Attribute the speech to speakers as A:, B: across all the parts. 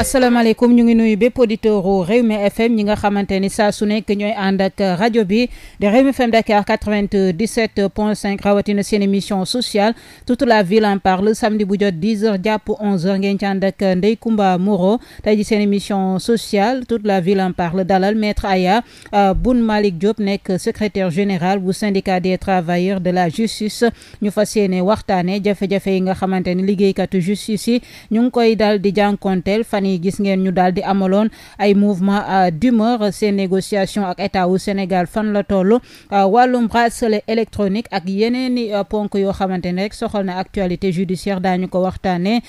A: asalaamaaleykum ñu ngi nuy bépp auditeur u Rewmi FM ñi nga xamante ni saa su nekk ñooy ànd ak rajo bi de Rewmi FM Dakar 97 point 5 rawatina seen émission sociale toute la ville en parle samedi bu jot 10 heures jàpp 11 heures ngeen ci ànd ak Ndeye Comba Moreau ji seen émission sociale toute la ville en parle dalal maître Aya euh, Boun Malick Diop nekk secretaire général bu syndicat des travailleurs de la justice ñu fa yéene waxtaane jafe-jafe yi nga xamante ni liggéeykatu justice yi ñu ngi koy dal di jànkonteel nii gis ngeen ñu daal di amaloon ay mouvement euh, d'humeur ces négociations ak état wu Sénégal fan la toll euh, wàllum bracelet électronique ak yeneen i euh, ponk yoo xamante ne rek soxal na actualité judiciaire daañu ko waxtaanee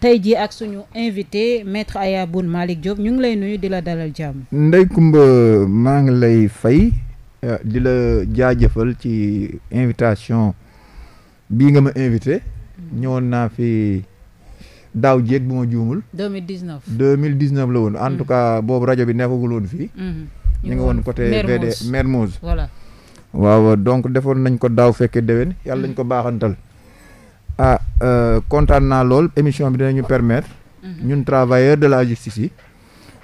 A: tey jii ak suñu invité maître Ayaboune Malick Diop ñu ngi lay nuyu di la dalal jàmm.
B: Ndeye Comba maa ngi lay fay di la jaajëfal ci invitation bii nga ma invité mm. ñëwoon naa fi. daaw jéeg bu ma juumul. 2019 2019 la woon. en mm. tout cas boobu rajo bi nekkagul woon fii. Mm-hmm. ñu ngi woon côté VD Mermoz voilà. waaw donc defoon nañ ko daaw fekkee déwén yàlla nañ mm. ko baaxantal. ah euh, kontaan naa lool émission bi dinañu permettre. Mm-hmm. ñun travailleurs de la justice yi.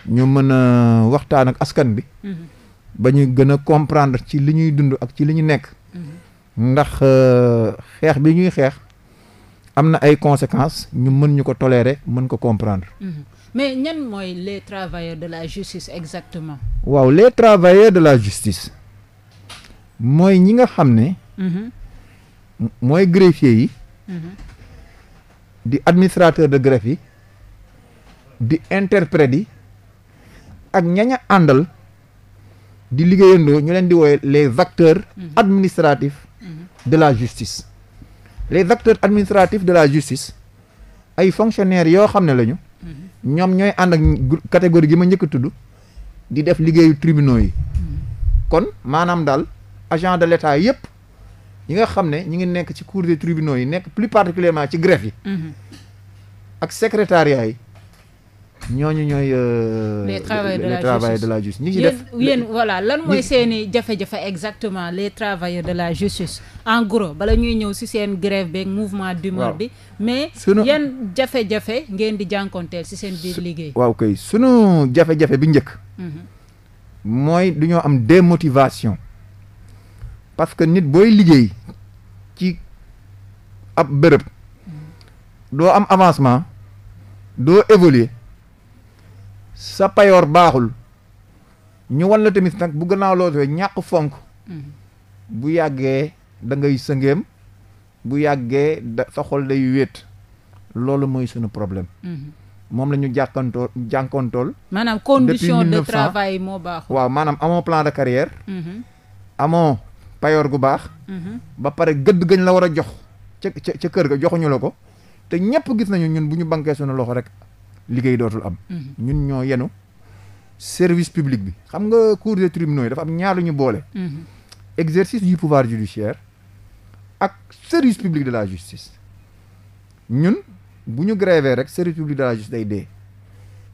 B: ñu mën a waxtaan ak askan bi. Mm-hmm. ba ñu gën a comprendre ci li ñuy dund ak ci li ñu nekk. ndax euh, xeex bi ñuy xeex. am na ay conséquences ñu mën ñu ko tolérer mën ko comprendre.
C: Mhm.
A: mais ñan mooy les travailleurs de la justice exactement.
B: waaw les travailleurs de la justice mooy ñi nga xam ne. Mhm. mooy greffier yi. Mhm. di administrateur de greffe yi di interprète yi ak ñaña àndal di liggéeyandoo ñu leen di woowe les acteurs administratifs de la justice les acteurs administratifs de la justice ay fonctionnaires yoo xam ne lañu. Mm-hmm. ñoom ñooy ànd ak catégorie gi ma njëkk a tudd di def liggéeyu tribunaux yi. Mm-hmm. kon maanaam daal agent de l' état yëpp ñi nga xam ne ñi ngi nekk ci cour des tribunaux yi nekk plus particulièrement ci greffe yi. Mm-hmm. ak secrétariat yi ñooñu ñooy. Euh, les travailleurs de la justice les travailleurs def
A: yéen voilà lan mooy seen i jafe-jafe exactement les travailleurs de la justice en gros bala ñuy ñëw si seen grève beeg mouvement d'humeur bi. mais yan jafe-jafe ngeen di jànkonteel si seen biir liggéey.
B: waaw kay sunu jafe-jafe bi njëkk. Mhm. mooy du ñoo am démotivation parce que nit booy liggéey ci ab bërëb doo am avancement doo évoluer. sa payoor baaxul ñu wan la tamit nag bu gannaaw loo tee ñàkk fonk mm-hmm. bu yàggee da ngay sëngeem bu yàggee da sa xol day wéet loolu mooy sunu problème mm-hmm. moom la ñu jànkontoo jànkontool
A: maanaam condition de travail moo baaxul
B: waaw maanaam amoo plan de carrière mm-hmm. amoo payoor gu baax ba pare gëdd gañ la war a jox ca ca ca kër ga joxuñu la ko te ñëpp gis nañu ñun bu ñu bankee suñu loxo rek liggéey dootul am. ñun ñoo yenu service public bi xam nga cour des tribunaux yi dafa am ñaar ñu boole. exercice du pouvoir judiciaire ak service public de la justice ñun bu ñu grévé rek service public de la justice day dee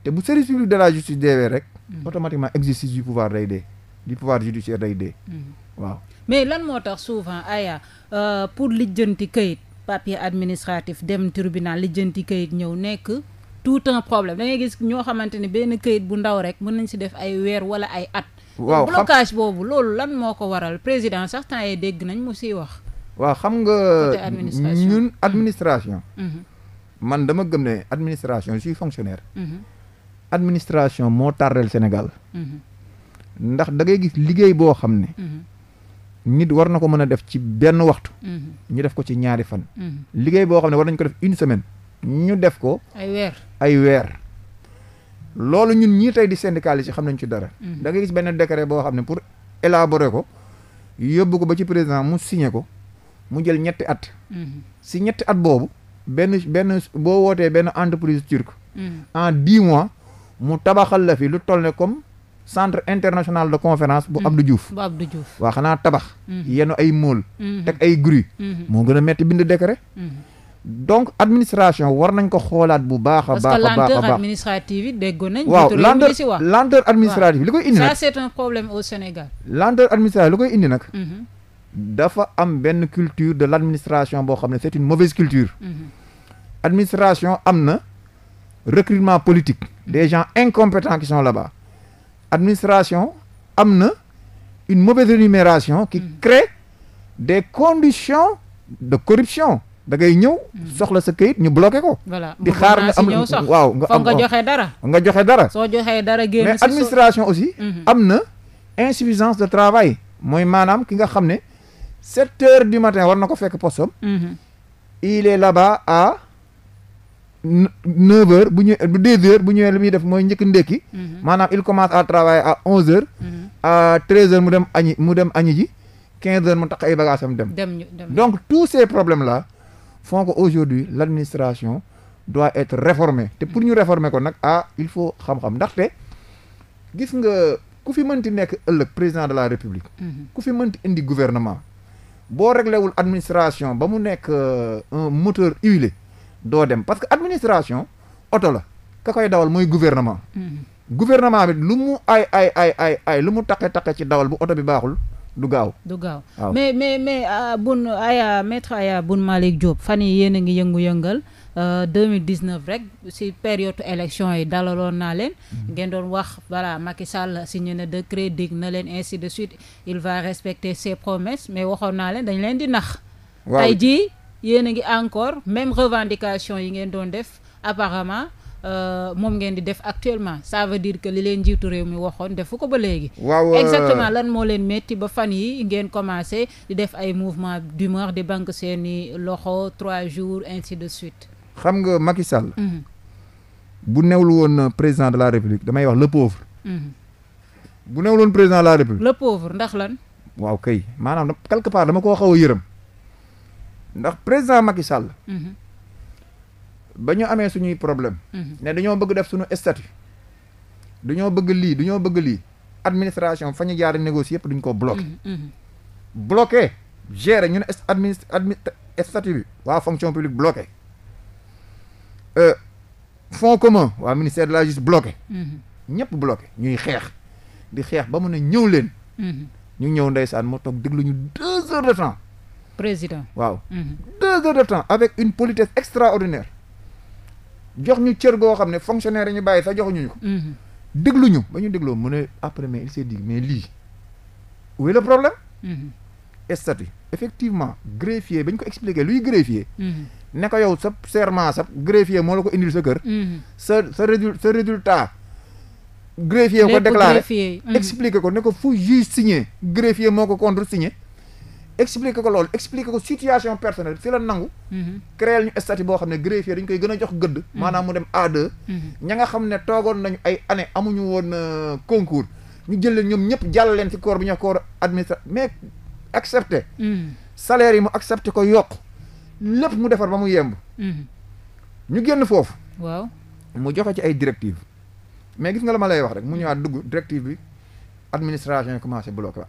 B: te bu service public de la justice deewee rek. Mm-hmm. automatiquement exercice du pouvoir day dee du pouvoir judiciaire day dee. Mm-hmm. waaw
A: mais lan moo tax souvent aya euh, pour lijjanti kayit papier administratif dem tribunal lijjanti kayit ñëw nekk. tout temps problème da ngay gis ñoo xamante ni benn këyit bu ndaw rek mën nañ si def ay weer wala ay at. waaw blocage boobu loolu lan moo ko waral président sax temps yii dégg nañ mu siy wax.
B: waaw xam nga ñun administration. Mhm. man dama gëm ne administration je suis fonctionnaire. Mhm. administration moo tardel Sénégal. Mhm. ndax da ngay gis liggéey boo xam ne. nit war na ko mën a def ci benn waxtu. ñu def ko ci ñaari fan. liggéey boo xam ne war nañ ko def une semaine. ñu def ko. ay weer ay weer. loolu ñun ñii tey di syndicaliste yi xam nañ ci dara. Mhm. da ngay gis benn décret boo xam ne pour élaborer ko yóbbu ko ba ci président mu signé ko mu jël ñetti at. Mhm. si ñetti at boobu benn benn boo wootee benn entreprise turque. Mhm. en dix mois mu tabaxal la fi lu toll ne comme. centre international de conférence bu Abdou Diouf bu Abdou Diouf waa xanaa tabax yenn ay móol teg ay grue moo gën a metti bind décret donc administration war nañ ko xoolaat bu baax a baax a baax parce que lenteur
A: administrative yi déggoon nañ waaw lenteur
B: lenteur administrative li koy indi nag ça c'est
A: un problème au Sénégal
B: koy indi nag mhm. dafa am benn culture de l'administration boo xam ne c'est une mauvaise culture mhm. administration am na recrutement politique mhm. des gens incompétents qui sont là-bas administration am na une mauvaise rémunération qui crée des conditions de corruption da ñëw mm. soxla sa kayit ñu bloqué ko.
A: voilà di xaar nga am waaw nga am nga joxe dara.
B: nga joxe dara soo
A: joxee dara génn mais administration
B: aussi. Mm-hmm. am na insuffisance de travail. mooy maanaam ki nga xam ne sept heures du matin war na ko fekk postom mm-hmm. il est là-bas à neuf heures bu ñu bu dix heures bu ñëwee li muy def mooy njëkk ndékki mm-hmm. maanaam il commence à travailler à onze heures à treize heures mu dem añi mu dem añi ji quinze heures mu tax ay bagages am dem donc tous ces problème la font qu'aujourd'hui l'administration doit être réformée te pour ñu réformer ko nag a ah, il faut xam-xam ndaxte gis nga ku fi mënti nekk ëllëg président de la république mhm. ku fi mënti indi gouvernement boo wul administration ba mu nekk euh, un moteur huilé doo dem parce que administration oto la ka koy dawal mooy gouvernement mhm. gouvernement bi lu mu ay ay ay ay ay lu mu taqe taqe ci dawal bu oto bi baaxul du gaaw du gaaw mais
A: mais mais uh, ah, bun aya maître aya bun Malick Diop fan yi yéen a ngi yëngu-yëngal uh, 2019 rek si période élection yi dalaloon naa leen mhm. ngeen doon wax voilà Macky Sall signé na décret dig na leen ainsi de suite il va respecter ses promesses mais waxoon naa leen dañ leen di nax waaw tey jii yéen a ngi encore même revendication yi ngeen doon def apparemment Euh, moom ngeen di def actuellement ça veut que li leen jiitu réew mi waxoon defu ko ba léegi. waaw euh, exactement lan moo leen métti ba fan yi ngeen commencé di def ay mouvement d'humeur di banque seeni loxo trois jours ainsi de suite.
B: xam nga Macky Sall. Mhm. bu newul woon président de la république damay wax le pauvre. Mhm. bu newul woon président de la république.
A: le pauvre ndax lan.
B: waaw kay maanaam quelque part dama koo xaw a yërëm ndax président Macky Sall. Mhm. ba ñu amee suñuy problème mhm. ne dañoo bëgg def suñu statut dañoo bëgg lii dañoo bëgg lii administration fa ñu jaar négocier yëpp duñ ko bloqué mhm, mhm. bloqué gérer ñu ne administ statut bi waa fonction publique bloqué euh, fonds commun waa ministère de la justice bloqué ñëpp bloqué ñuy xeex di xeex ba mun a ñëw leen ñu ñëw ndeysaan moo toog déglu ñu deux heures de temps président waaw deux heures de temps avec une politesse extraordinaire jox ñu cër goo xam ne fonctionnaire ñu bàyyi sax joxuñu ko. Mhm. déglu ñu ba ñu dégloo mu ne après mais il s'est dit mais lii où est problème. Mhm. statut effectivement greffier ba ñu ko expliqué luy greffier. Mhm. ne ko yow sa serment sa greffier moo la ko indi sa kër. sa sa sa résultat. greffier ko déclaré expliqué ko ne ko fu juge signé greffier moo ko contre signé. expliquer ko loolu expliquer ko situation personnelle si la nangu. Mhm. créer ñu statut boo xam ne greffier dañ koy gën a jox gëdd. Mhm. maanaam mu dem A2. Mhm. ña nga xam ne toogoon nañu ay année amuñu woon euh, concours ñu jël leen ñoom ñëpp jàll leen ci corps bi ñu corps administratif mais accepté. salaire yi mu accepté ko yokk lépp mu defar ba mu yemb. ñu génn foofu. mu joxe ci ay directives mais gis nga la ma lay wax rek mu a dugg directive bi administration yi commencé bloqué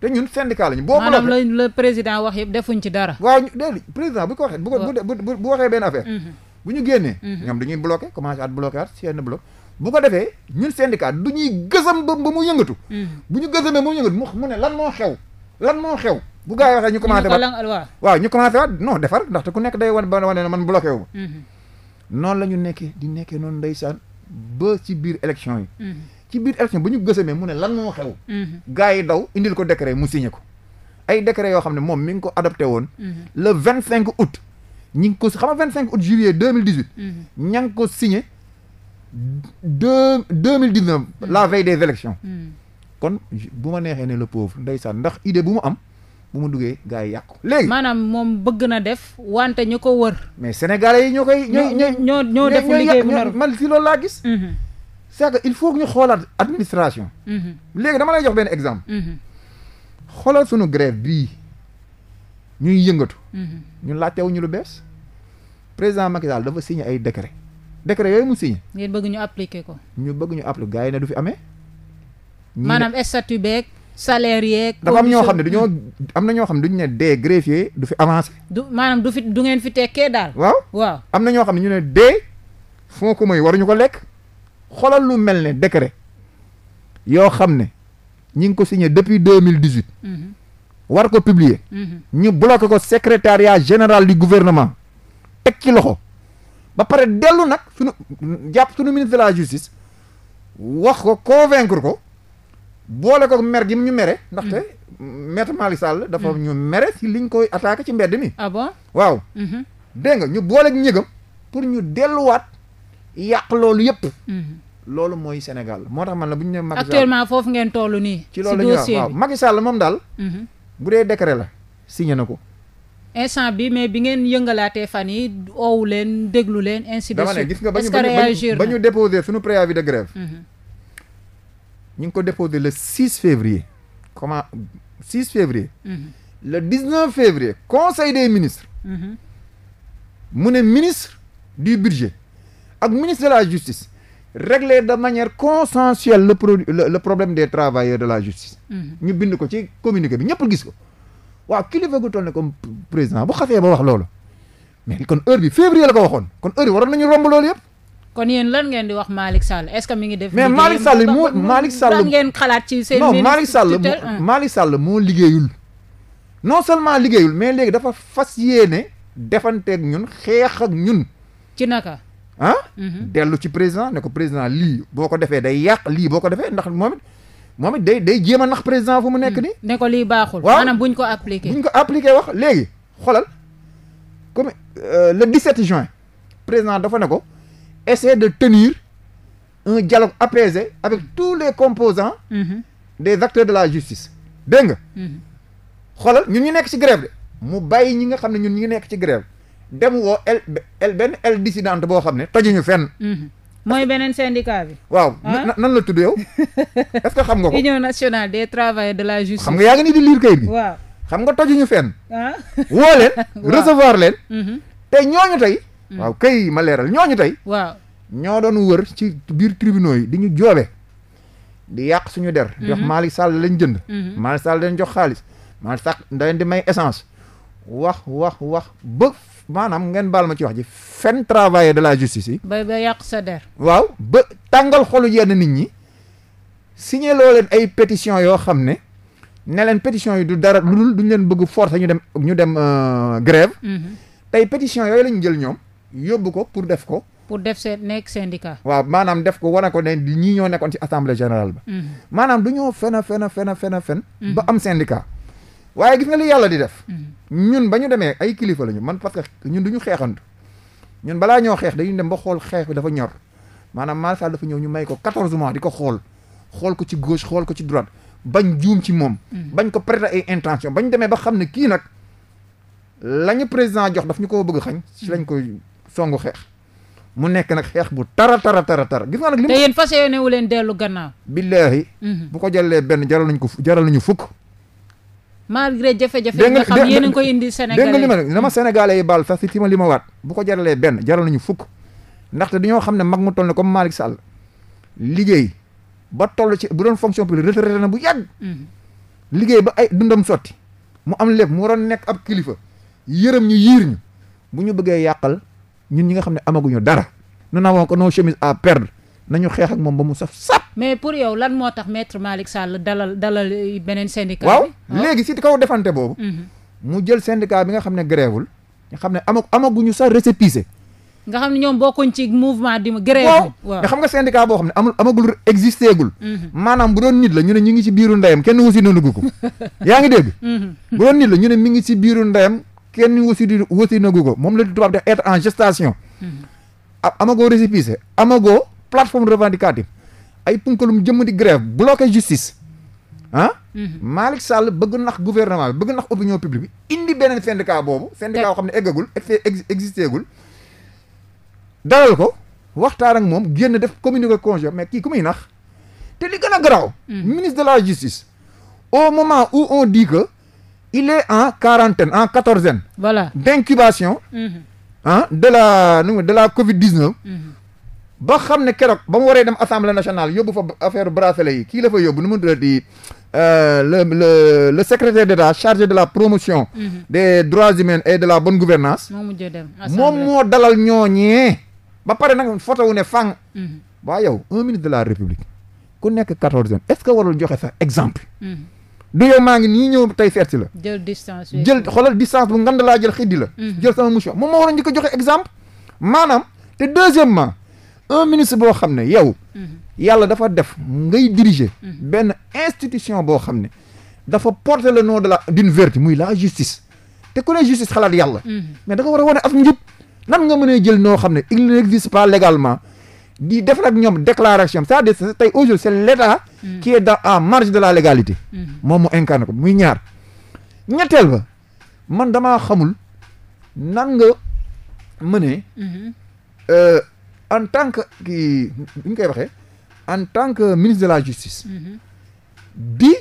B: te ñun syndicat lañu. boo ko defee maanaam le président
A: wax yëpp defuñ ci dara.
B: waaw déedéet président bu ko waxee. benn affaire. Mhm. bu ñu génnee. Mhm. ñoom dañuy bloqué commencé at bloqué at seen bloc. bu ko defee ñun syndicat du ñuy gësam ba ba mu yëngatu. Mhm. bu ñu gësamee ba mu yëngatu mu ne lan moo xew. lan moo xew bu gaa yi waxee ñu commencé waat waaw ñu commencé waat non defar ndaxte ku nekk day wan ba wane ne man bloqué wu ma. noonu la ñu nekkee di nekkee noonu ndeysaan ba ci biir élection yi. ci biir élection bu ñu gësamee mu ne lan moo xew. Mhm. gars yi daw indil ko décret mu signé ko. ay décret yoo xam ne moom mi ngi ko adopté woon. Mhm. le vingt cinq août. ñi ngi ko xam nga vingt cinq août juillet deux mille dix huit. Mhm. ña ngi ko signé deux deux mille dix neuf la veille des élections. kon bu ma neexee ne le pauvre ndeysaan ndax idée bu mu am. bu mu duggee gars yi yàqu léegi.
A: maanaam moom bëgg na def wante ñu ko
B: wër. mais sénégalais yi ñoo koy. ñoo ñoo ñoo def liggéey bu man si loolu laa gis. cest il faut que ñu xoolaat administration. Mhm. léegi dama lay jox benn exemple. Mhm. xoolal sunu grève bii ñuy yëngatu. Mhm. ñun laajtewuñu lu bees. président Macky Sall dafa signé ay décret décret yooyu mu signé.
A: ngeen bëgg ñu appliquer ko.
B: ñu bëgg ñu appliquer gars yi ne du fi amee. maanaam
A: statut beeg salaire yeeg. dafa am ñoo xam ne du ñoo
B: am na ñoo xam ne duñu ne dee greffier du fi avancé.
A: du maanaam du fi du ngeen fi tekkee
B: daal. waaw waaw am na ñoo xam ne ñu ne dee fonds commun yi waruñu ko lekk. xoolal lu mel ne décret yoo xam ne ñi ngi ko signé depuis deux mille dix mm-hmm. war ko publier mm-hmm. ñu bloqué ko secrétariat général di gouvernement teg ci loxo ba pare dellu nag suñu jàpp suñu ministre la justice wax ko convaincre ko boole ko mer ñu mere ndaxte mm-hmm. maître Malick Sall dafa ñu mere si liñ koy attaqué ci mbedd mi ah waaw dégg ñu boole ak pour ñu delluwaat yàq loolu yëpp. Mm-hmm. loolu mooy Sénégal moo tax man la bu ñu ne Macky Sall foofu ngeen toll nii. ci loolu la ñuy wax waaw moom daal. Mm-hmm. bu dee décret la signé na ko.
A: instant bi mais bi ngeen yëngalaatee fan yi oowu leen déglu leen. ainsi de suite gis nga ba ñu ba ñu
B: déposé suñu préavis de grève. Mm-hmm. ñu ngi ko déposé le 6 février. comment 6 février. le 19 février conseil des ministres. mu ne ministre du budget. ak ministre de la justice régler de manière consensuelle le pro le, problème des travailleurs de la justice. Mm-hmm. ñu bind ko ci communiqué bi ñëpp gis ko. waaw kilifa gu toll ne comme président bu xafee ba wax loolu mais kon heure bi février la ko waxoon kon heure bi waroon nañu romb loolu yëpp.
A: kon yéen lan ngeen di wax Malick Sall est-ce que mi ngi def. mais Malick Sall moo Sall ngeen xalaat ci seen. non Sall
B: Malick Sall moo liggéeyul. non seulement liggéeyul mais léegi dafa fas yéene defanteeg ñun xeex ak ñun. ci ah dellu ci président ne ko président lii boo ko defee day yàq lii boo ko defee ndax moom it moom it day day jéem a nax président fu mu nekk mhm. nii ne ko lii baaxul waaw maanaam buñ ko appliqué buñ ko appliqué wax léegi xoolal comme euh, le 17 juin président dafa ne ko essayer de tenir un dialogue apaisé avec tous les composants mhm. des acteurs de la justice dégg nga xoolal ñun ñu nekk ci grève de mu bàyyi ñi nga xam ne ñun ñu nekk ci grève dem woo el benn el dissidente boo xam ne tajuñu fenn.
A: Mhm. mooy beneen syndicat bi.
B: waaw ah. nan la tudd yow est que xam nga ko. union
A: nationale des travailleurs de la justice. xam nga yaa ngi
B: nii xam nga tajuñu fenn. ah woo leen. recevoir leen. Mhm. te ñooñu tey. Mhm. waaw kay ma leeral ñooñu tey. waaw ñoo doon wër ci biir tribunaux yi di ñu joobe. di yàq suñu der. di wax Malick Sall lañ jënd. Malick Sall leen jox xaalis. Malick Sall da leen di may essence. wax wax wax ba. maanaam ngeen baal ma ci wax ji fen travailler de la justice yi.
A: ba ba yàq sa der.
B: waaw ba tàngal xolu yenn nit ñi signé leen ay pétition yoo xam ne ne leen pétition yi du dara lu dul duñ leen bëgg forcer ñu dem ñu dem euh, grève. Mhm. tey pétition yooyu lañu jël ñoom yóbbu ko pour def ko.
A: pour def seen nekk syndicat.
B: waaw maanaam def ko wane ko ne ñii ñoo nekkoon ci assemblée général ba. Mhm. maanaam du ñoo fen a fen a fen mhm. ba am syndicat. waaye gis nga li yàlla di def. Hmm. ñun ba ñu demee ay kilifa lañu man parce que ñun du ñu xeexantu ñun balaa ñoo xeex dañuy dem ba xool xeex bi dafa ñor maanaam Macky dafa ñëw ñu may ko 14 mois di ko xool xool ko ci gauche xool ko ci droite bañ juum ci moom. Hmm. bañ ko prêter ay intention bañ demee ba xam ne kii nag la ñu président jox dafa ñu ko bëgg xañ. ci lañ hmm. koy songu xeex. mu nekk nag xeex bu tara tara tara tara gis nga nag. li mu te yéen fas
A: yéene wu leen dellu gannaaw.
B: billaahi. bu ko jëlee benn jaral nañ ko jaral nañu fukk.
A: malgré jafe-jafe yi nga xam yéen a ngi koy indi Sénégalais dégg nga li ma
B: na ma Sénégalais yi baal sax si tima li ma waat bu ko jaralee benn jaral nañu fukk ndaxte dañoo xam ne mag mu toll ne comme Malick Sall liggéey ba toll ci bu doon fonction publique retraité na bu yàgg mhm. liggéey ba ay dundam sotti mu am lépp mu waroon nekk ab kilifa yërëm ñu yiir ñu bu ñu bëggee yàqal ñun ñi nga xam ne amaguñu dara naa n'avons ko nos chemises à perdre nañu xeex ak moom ba mu saf sap.
A: mais pour yow lan moo tax maître Malick Sall dalal dalal beneen syndicat. waaw
B: léegi si kaw defante boobu. Mhm. mu jël syndicat bi nga xam ne gréewul. nga xam ne ama amaguñu sax récépissé.
A: nga xam ne ñoom bokkuñ ci mouvement di grève waaw nga xam
B: nga syndicat boo xam ne amul amagul existé gul. Mhm. maanaam bu doon nit la ñu ne ñu ngi si biiru ndeyam kenn wasi na gugu ko. yaa ngi dégg. Mhm. bu doon la ñu ne mi ngi ci biiru ndeyam kenn wasi wasi na gugu ko moom la tubaab di être en gestation. amagoo récépissé amago plateforme revendicative ay punkalum jëmm di grève bloqué justice ah. Mhm. Malick Sall bëgg nax gouvernement bëgg nax opinion publique bi indi beneen syndicat boobu. syndicat boo xam ne eggagul ex existé gul. dalal ko waxtaan ak moom génn def communiqué congé mais kii ku muy nax te li gën mhm. ministre de la justice. au moment au on dit que il est en quarantaine en quatorzaine. voilà d'incubation. ah de la de la Covid 19. ba xam ne keroog ba mu waree dem assemblée nationale yóbbu fa affaire bracelet yi kii la fa yóbbu nu mu di euh, le le le secrétaire d'état chargé de la promotion. Mhm. des droits humains et de la bonne gouvernance moom moo dalal ñooñee. ba pare nag foto wu ne fang. Mhm. waa yow un ministre de la république ku nekk quatorze ans est-ce que warul joxe sax exemple. Mhm. du yow maa ngi nii ñëw tey seet si la. jël
A: distance xoolal
B: distance bu ngand laa jël xiddi la. jël sama mission moom moo waroon ñu ko joxe exemple. maanaam te deuxièmement un ministre boo xam ne yow. Mhm. yàlla dafa def ngay diriger. Mhm. benn institution boo xam ne. dafa porté le nom de la d'une vertu muy la justice. te ku ne justice xalaat yàlla. Mhm. mais da nga war a wane af njub. nan nga mën a jël noo xam ne il n'existe pas légalement. di def nag ñoom déclaration sa à dire tey aujourd'hui c'est l'État qui est en marge de la légalité moo mu incarne ko muy ñaar ñetteel ba man dama xamul nan nga mënee euh, en tant que kii bu ñu koy waxee en tant que ministre de la justice. di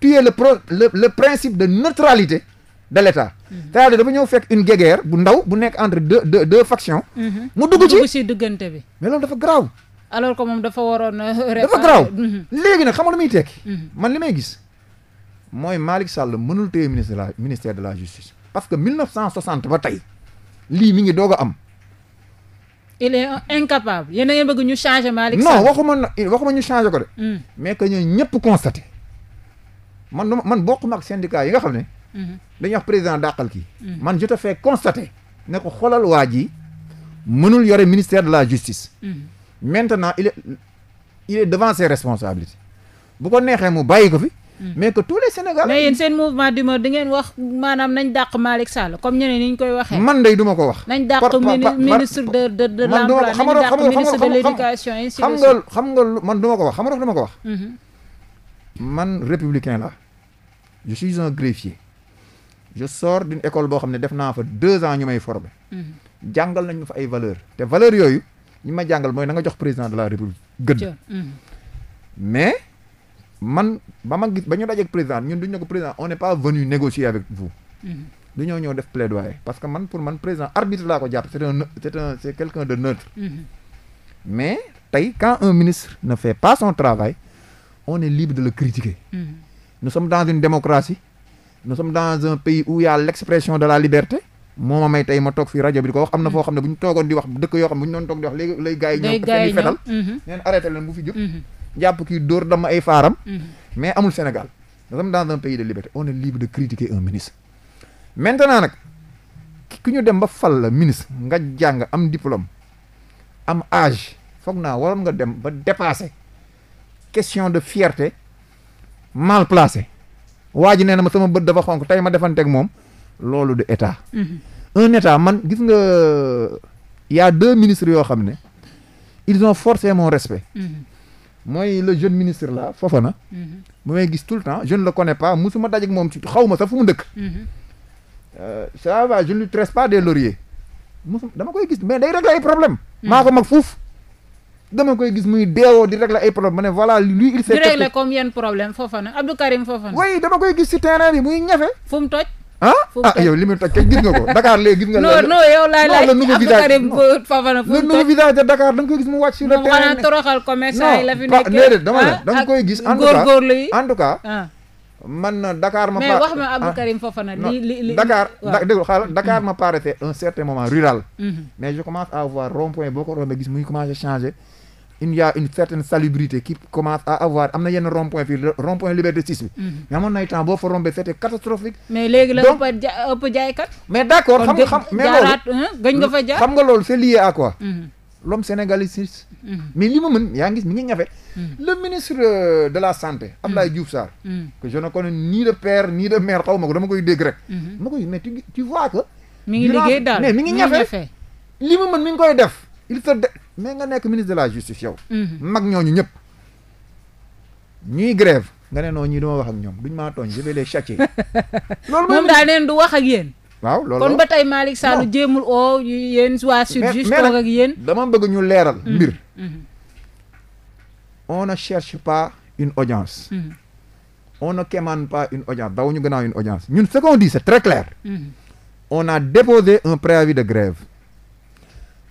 B: tuer le pro le le principe de neutralité de l' état. cest à ñëw fekk une guerre bu ndaw bu nekk entre de deux deux factions. mu dugg ci mu dugg ci bi. mais loolu dafa grave. alors ko moom dafa waroon euh, dafa grave mhm. léegi nag xam nga lu muy tekki. Mhm. man li may gis mooy Malick Sall mënul téye ministre de la ministère de la justice. parce que 1960 ba tey lii mi ngi doog am.
A: il est incapable yéen a bëgg ñu changer Malick Sall non waxuma
B: na waxuma ñu changer ko de. Hmm. mais que ñun ñëpp constaté man man bokkuma ak syndicat yi nga xam ne. Hmm. dañuy wax président dàqal ki hmm. man jot te fais constater. ne ko xoolal waa ji mënul yore ministère de la justice. maintenant il est il est devant ses ko neexee mu bàyyi ko fi. Mm. mais que tous les Sénégalais. mais seen
A: mouvement d'humeur di ngeen wax maanaam nañ dàq Malick Sall comme ñeneen ñu koy
B: waxee. man day duma ko wax. nañ dàq ministre de de de l'emploi nañ dàq ministre de l'éducation ainsi de xam nga man duma ko wax xam ko mm-hmm. man républicain la je suis un greffier. je sors d'une école boo xam ne def naa fa deux ans ñu may former. Mm-hmm. jàngal nañ ma fa ay valeurs te valeur yooyu ñu ma jàngal mooy na nga jox président de la république gëdd. Mm-hmm. mais. man ba ma gis ba ñu dajeeg président ñun duñu ne ko président on n'est pas venu négocier avec vous. Mm-hmm. du ñoo def plaidoyer parce que man pour man président arbitre laa ko jàpp c'est un neutre. Mm-hmm. mais tey quand un ministre ne fait pas son travail on est libre de le critiquer. Mm-hmm. nous sommes dans une démocratie. nous sommes dans un pays où il a l'expression de la liberté. moo ma may tey ma toog fii rajo bi di ko wax am na foo xam ne bu ñu toogoon di wax dëkk yoo xam jàpp kii dóor dama ay faaram. Mm-hmm. mais amul Sénégal nous sommes dans un pays de liberté on est libre de critiquer un ministre. maintenant nag ki ñu dem ba fal la ministre nga jàng am diplôme am age foog naa waroon nga dem ba dépasser question de fierté mal placé waa ji nee na ma sama bët dafa xonk tey ma teg moom loolu du état. Mm-hmm. un état man gis nga y a deux yoo xam ne ils ont forcé respect. Mm-hmm. mooy le jeune ministre la Fofana. Mhm. bu may gis tout le temps je ne le connais pas musuma dajeeg moom ci xaw ma sax fu mu dëkk. Mhm. Euh, ça va je ne lui tresse pas des dama koy gis mais day régler ay problème mhm. maa ko mag fuuf. dama koy gis muy deewoo di régler ay problème ma ne voilà lui il. s'est régler
A: comme yenn problème Fofana Abdou Karim Fofana.
B: dama koy gis ci terrain
A: bi muy ñafe. fu mu toj.
B: ah, ah yow li muy toj kay gis nga ko Dakar léegi gis nga. non non yow laay laaj le nouveau visage le nouveau visage de Dakar da nga koy gis mu wàcc sur le terrain xanaa
A: toroxal commerçant yi la fi nekkee déedéet dama
B: la ah, da nga koy gis en tout cas en tout cas ah. man Dakar ma mais wax ma Abdou Karim un certain moment rural mm-hmm. mais je commence à voir point boo ko gis muy commencé changé il y a une certaine salubrité qui commence à avoir am na yenn rond point fii rond point liberté six bi. Mhm. mais nay temps boo fa rombee c'était catastrophique. mais léegi la ëpp
A: a ëpp jaaykat. d'accord xam nga xam mais loolu gëj nga fa
B: jaar xam nga loolu c'est lié mhm. mhm. ma mën yaa ngi gis mi ngi ñafe. le ministre euh, de la santé. Abdoulaye Diouf Sarr. que je ne connais de père ni de mère xaw ma ko dama koy dégg rek. ma koy mais tu tu vois que. liggéey daal mais mi ngi ñafe il se de mais nga nekk ministre de la justice yow. Mhm. mag ñooñu ñëpp. ñuy grève nga ne non ñii du ma wax ñoom du wax ak yéen. waaw loolu kon ba
A: oo oh, yéen waa sud juste toog
B: dama bëgg ñu leeral. Mhm. mbir. Mhm. on ne cherche pas une audience. on ne pas une audience daw ñu gënaaw une audience ñun ce qu'on dit c'est très déposé un préavis de grève.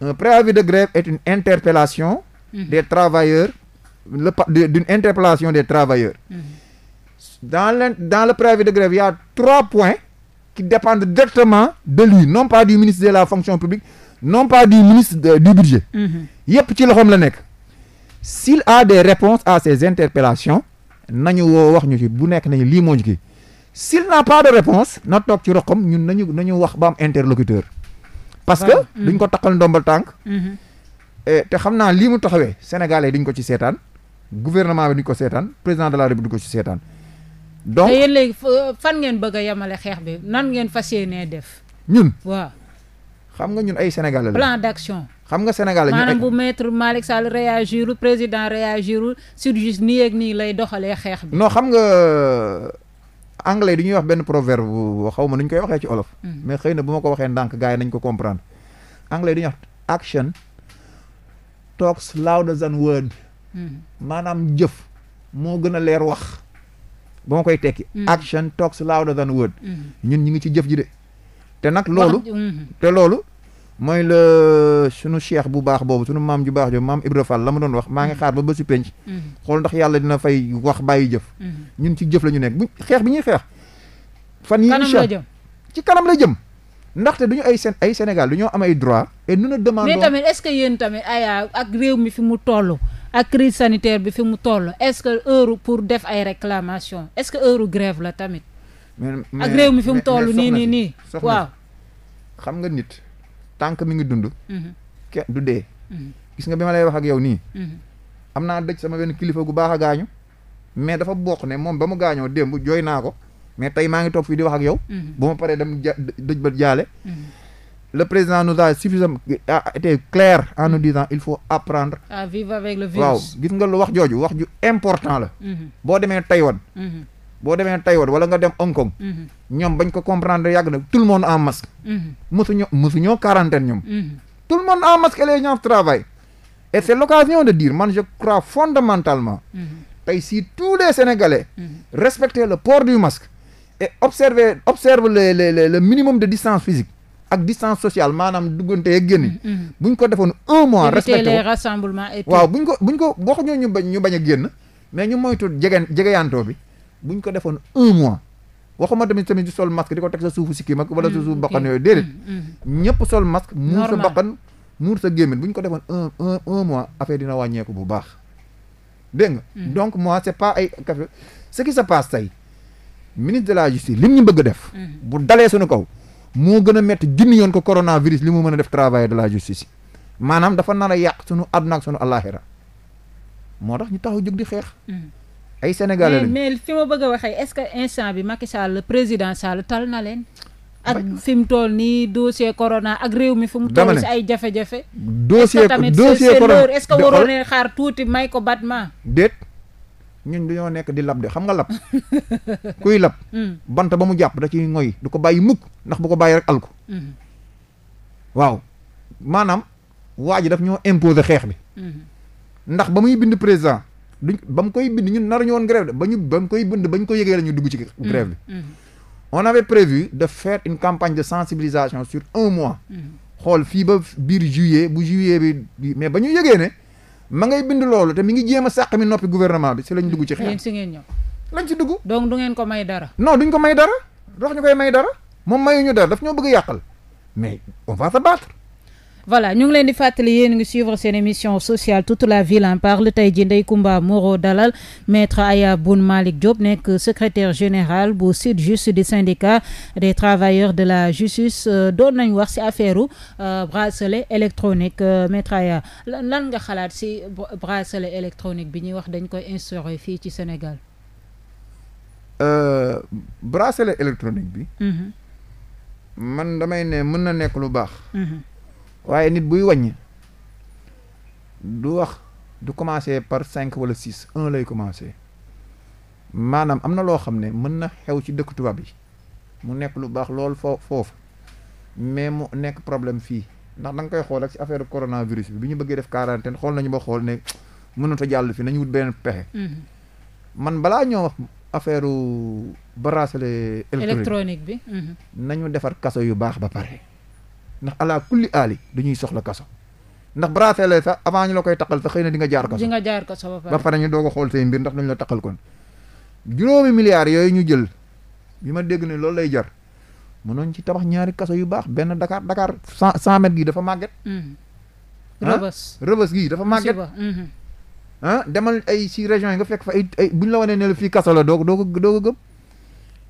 B: un préavis de grève est une interpellation mmh. des travailleurs le d'une interpellation des travailleurs mm-hmm. dans le dans le préavis de grève il y a trois points qui dépendent directement de lui non pas du ministre de la fonction publique non pas du ministre du budget mm-hmm. yëpp ci loxoom la nekk s'il a des réponses à ces interpellations na ñu wax ñu ci bu nekk nañu lii moo ñu kii s'il n'a pas de réponse na toog ci roxam ñun nañu nañu wax ba am interlocuteur
C: parce que duñ
B: ko taxal ndombal tànk. Mm-hmm. Eh, te xam naa lii mu taxawee sénégalais dañ ko ci seetaan gouvernement bi duñ ko seetaan président de la république duñ ko ci seetaan. donc te yéen léegi
A: euh, fan ngeen bëgg a yemale xeex bi nan ngeen fas yéenee def. ñun waaw.
B: xam nga ñun ay sénégalais la plan d'action. xam nga sénégalais ñu maanaam bu
A: maître Malick Sall réagir président réagir sur juste nii nii lay doxalee xeex
B: bi. non xam nga anglais du ñuy wax benn proverbe bu xaw ma nu ñu koy waxee ci olof. Hmm. mais xëy na bu ma ko waxee ndànk gars yi nañ ko comprendre anglais du ñuy wax action talks louder than word. Hmm. maanaam jëf moo gën a leer wax. ba ma koy tekki. Hmm. action talks louder than word. ñun ñu ngi ci jëf ji de. te nag loolu. te loolu mooy la sunu cheikh bu baax boobu sunu maam ju baax jo maam Ibra Fall la ma doon wax maa ngi mm. xaar ba ba si penc mm. xool ndax yàlla dina fay wax bàyyi jëf mm. ñun ci jëf la ñu nekk bu xeex bi ñuy xeex fan yi incha ci kanam la jëm ndaxte du ñu ay seen ay Sénégal du ñoo am ay droit et nous ne demandons mais tamit
A: est-ce que yéen tamit aya ak réew mi fi mu toll ak crise sanitaire bi fi mu toll est-ce que heure pour def ay réclamation est-ce que heure grève la tamit
B: ak réew mi fi mu toll nii nii nii waaw xam nga nit tant que mi ngi mhm. kenn du dee. Mhm. gis nga bi ma lay wax ak yaw nii. Mhm. am naa dëj sama benn kilifa gu baax a gaañu. mais dafa bokk ne moom ba mu gaañoo démb jooy naa ko mais tey maa ngi toog fii di wax ak yow. bu ma paree dem ja dëj ba jaale. le président nous a suffisamment a été clair en nous disant il faut apprendre.
A: à vivre avec le gis
B: nga lu wax jooju wax ju important la. boo demee Taïwan. boo demee Taïwan wala nga dem Hong Kong. Mhm. ñoom bañ ko comprendre yàgg na tout le monde en masque. Mhm. mosuñoo mosuñoo quarantaine ñoom. Mhm. tout le monde en masque et les gens travaillent. et c' est l' occasion de dire man je crois fondamentalement. tey si tous les Sénégalais. respecter le port du masque. et observer observe le le le minimum de distance physique. ak distance sociale maanaam duggante ak génn. bu ñu ko defoon un mois. respecté les
A: rassemblements et tout waaw bu
B: ñu ko bu ñu ko waxuñoo ñu bañ ñu bañ a génn. mais ñu moytu jege jegeyantoo bi. bu ñu ko defoon un mois waxuma tamit tamit di sol masque di ko teg sa suufu sikkim ak wala sa mm, suufu mm, bakkan mm, yooyu déedéet ñëpp sol masque muur sa bakkan muur sa gémmiñ bu ñu ko defoon un un un mois affaire dina wàññeeku bu baax dégg nga donc moi c'est pas ay café ce qui se passe tey ministre de la justice lim ñu bëgg def bu dalee suñu kaw moo gën a métti junni yoon ko coronavirus li mu mën a def travail de la justice maanaam dafa nar a yàq sunu àdduna ak sunu àllaaxira moo tax
A: ñu
B: ay sénégalais lañu
A: mais fi ma bëgg a waxee est-ce que instant bi Macky Sall président Sall tal na leen. ak fi mu toll nii dossier corona ak réew mi fu mu toll si ay jafe-jafe.
B: dossier dossier corona est-ce que waroon oh.
A: xaar tuuti may ko batma
B: déet ñun dañoo nekk di lab de xam nga lab kuy lab. Hmm. bant ba mu jàpp da ciy ngoy du ko bàyyi mukk ndax bu ko bàyyi rek al ko. Hmm. waaw maanaam waa ji daf ñoo imposer xeex bi. Hmm. ndax ba muy bind président. duñ ba mu koy bind ñun naruñu woon grève de ba ñu ba mu koy bind ba ñu ko yëgee la ñu dugg ci mm-hmm. grève bi
C: mm-hmm.
B: on avait prévu de faire une campagne de sensibilisation sur un mois mm-hmm. xool fii ba biir juillet bu juillet bi mais ba ñu yëgee ne ma ngay bind loolu te mi ngi jéem a sàq mi noppi gouvernement bi si lañ dugg ci xeex
A: si ngeen ñëw lañ si dugg donc du ngeen ko may dara
B: non duñ ko may dara dox ñu koy may dara moom mayu ñu dara daf ñoo bëgg yàqal mais on va se battre
A: voilà ñu ngi leen di fàttali yéen ngi suivre seen émission sociale tout la ville par la tey jii Ndeye Comba Moreau dalal maître Aya Boun Malick Diop nekk secrétaire général bu SYTJUST du syndicat des travailleurs de la justice euh, doon nañu wax si affaire u euh, bracelet électronique euh, maître Aya lan nga xalaat si bracelet électronique bi ñuy wax dañ koy instaurer fii ci Sénégal.
B: bracelet électronique bi. Mhm. man damay ne mën na nekk lu baax. Mhm. waaye nit buy wàññi du wax du commencer par cinq wala six un lay commencer maanaam am na loo xam ne mën na xew ci dëkk tubaab yi mu nekk lu baax lool foo foofu mais mu nekk problème fii ndax da nga koy xool ak si affaire coronavirus bi bi ñu bëggee def quarantaine xool nañu ba xool ne mënut a jàll fi nañu wut beneen pexe. Mm-hmm. man balaa ñoo wax affaire bracelet électronique bi. Mm-hmm. nañu defar kaso yu baax ba pare. ndax ala kulli aali dañuy soxla kaso ndax bracelet sa avant ñu la koy taxal sa xëy na di nga jaar kaso di nga jaar kaso ba pare ñu doog a xool say mbir ndax dañu la taxal kon juróomi milliards yooyu ñu jël bi ma dégg ne loolu lay jar mënoon ci tabax ñaari kaso yu baax benn Dakar Dakar cent cent mètres dafa màgget. Mm-hmm. Ah? rëbës rëbës gii dafa màgget. Mm-hmm. ah demal ay si région yi nga fekk fa ay bu ñu la wanee ne la fii kaso la doo doo doo gëm